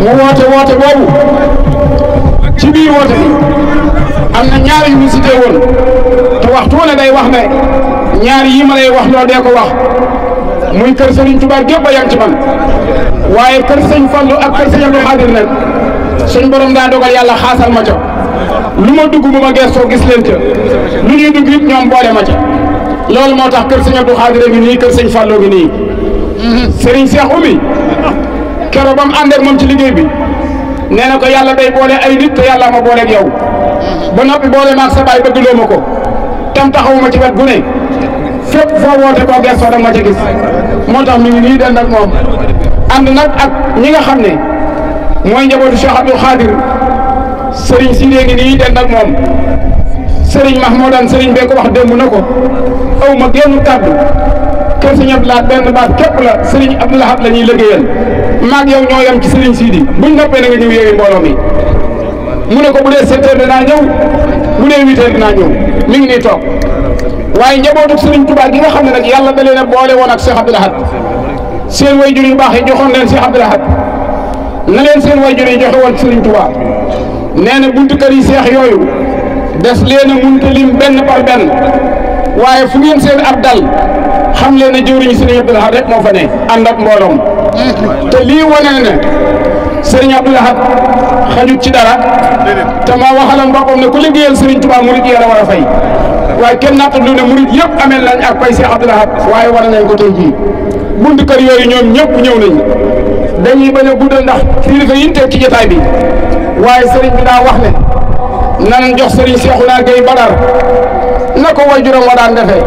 mu woote woote boobu ci biir woote am na ñaari yu ñu cité woon te waxtu wala day wax ne ñaari yi ma lay wax loo de ko wax muy kër Serigne Touba gépp a yam ci man waaye kër Sëñ Fallu ak kër Sëñ Abdou Xaadir nag suñ borom daa dogal yàlla xaasal ma ca lu ma dugg bu ma gëstoo gis leen ca lu ñuy dugg it ñoom boole ma ca loolu moo tax kër Sëñ Abdou Xaadir ngi nii kër Sëñ Fallu ngi nii Serigne Cheikh Oumy. keroog ba mu ànd moom ci liggéey bi nee na ko yàlla day boole ay nit te yàlla ma booleeg yow ba noppi boole maag sa baay bëgg ma ko tam taxawuma ci wet gu ne fépp foo woote boo gëstoo da ma ca moo tax mi ngi nii den nag moom ànd nag ak ñi nga xam ne mooy njabootu Cheikh Abdou Khadir sëriñ si léegi nii den nag moom sëriñ Mahmoudan sëriñ bee ko wax démb na ko aw ma génn kër sëñ Abdou benn baat képp la sëriñ Abdou Lahad la ñuy liggéeyal maag ñoo yem ci sëriñ Sidi buñ noppee na nga ñëw yooyu mbooloo mi mu ne ko bu dee sept heures dinaa ñëw bu dee huit heures dinaa ñëw ngi nii toog waaye njabootu sëriñ Tuubaa gi nga xam ne nag yàlla da leen a boole woon ak Cheikh Abdou Lahad seen way jur yu baax yi joxoon leen si Abdou Lahad na leen seen way jur yi joxe woon sëriñ Tuubaa nee na buntu kër yi seex yooyu des leen a munta lim benn par benn waaye fu ngeen seen xam leen ne jëwriñu sëriñ Abdoul Ahad rek moo fa ne ànd ak mbooloom te lii wane ne sëriñ Abdoul Ahad xajut ci dara te ma waxaloon boppam ne ku liggéeyal sëriñ Tuubaa murit yéen a war a fay waaye kenn natt lu murit yëpp ameel nañ ak pay Seex Abdoul waaye war nañ ko jii bunt kër yooyu ñoom ñëpp ñëw nañ dañuy bañ a guddal ndax kilifa yi ñu teew ci jotaay bi waaye sëriñ bi daa wax ne nan jox sëriñ Seexuna Gay Badar na ko waajuram wa daan defee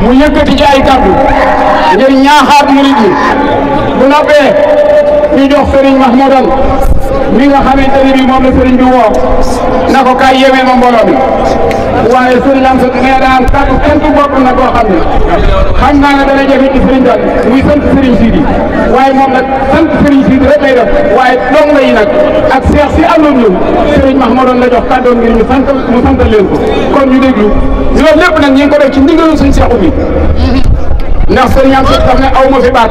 mu yëkkati ci ay kàddu ngir ñaaxaat murid yi bu noppee ñu jox Serigne Mahmoudan mi nga xamante ne bii moom la sëriñ bi woo na ko kaay yewee ma mbooloo mi waaye sëriñ am sa nee daan kàddu sant bopp na koo xam ne xam naa ne dana jafe ci sëriñ daal muy sant sëriñ Sidi waaye moom nag sant sëriñ Sidi rek lay def waaye donga yi nag ak seex si àndoon ñun sëriñ Mahmadoon la jox kàddoon ngir ñu sant mu sant leen ko kon ñu déglu loolu lépp nag ñu ngi ko def ci ndigalu suñ seexu bi ndax sëriñ am sa daf ne aw ma fi baat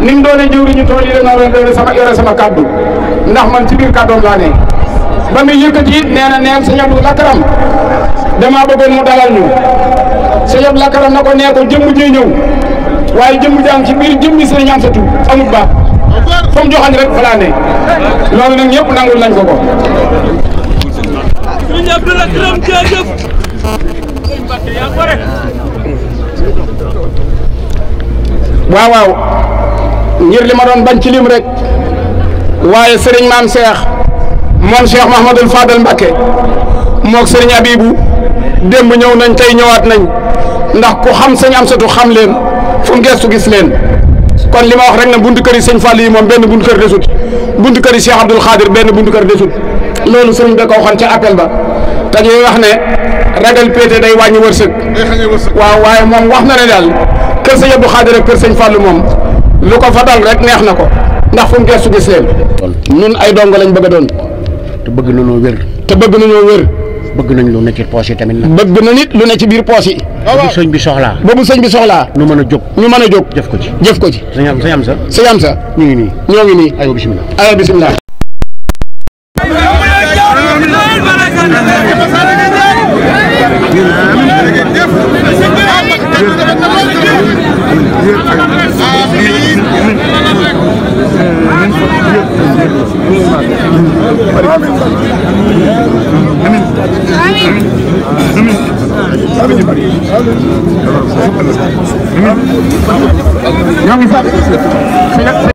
ni mu doone jëwriñu tool yi danaa leen doone sama yore sama kàddu ndax man ci biir kàddoom laa ne ba muy yëkkati it nee na neen sëñ Abdou Lakaram bëggoon mu dalal ñu sëñ Abdou na ko nee ko jëmm jee waaye jëmm jàng ci biir jëmmi sëñ Amsatu amut baax fa mu joxañ rek fa laa ne loolu ñëpp nangul nañ ko ko. waaw waaw ngir li ma doon bañ ci lim rek. waaye sëriñ maam Cheikh moom Cheikh Mahmadul Fadal Mbakke moog sëriñ Abibu démb ñëw nañ tey ñëwaat nañ ndax ku xam sëñ Amsatu xam leen fu mu gestu gis leen kon li ma wax rek na buntu kër yi sëñ Fall yi moom benn buntu kër desut buntu kër yi Cheikh benn buntu kër desut loolu sëriñ da ko waxoon ci appel ba te ñuy wax ne ragal péete day wàññi wërsëg waaw waaye moom wax na ne daal kër sëñ Abdou Khadir ak kër sëñ Fall moom lu ko fa dal rek neex na ko. ndax fu mu gestu gis leen. ñun ay dongo lañ bëgg a doon. te bëgg nañoo wér. te bëgg nañoo wér. bëgg nañ lu ne ci poos yi tamit nag. bëgg na nit lu ne ci biir poos yi. boobu sëñ bi soxlaa. boobu sëñ bi soxlaa. ñu mën a jóg ñu mën a jóg. jëf ko ci jëf ko ci. sëñ am sa. sëñ am sa. ñu ngi nii ñoo ngi nii. aywa bisimilah aywa bisimilah. bari amin amin amin ñu bari ñoo ngi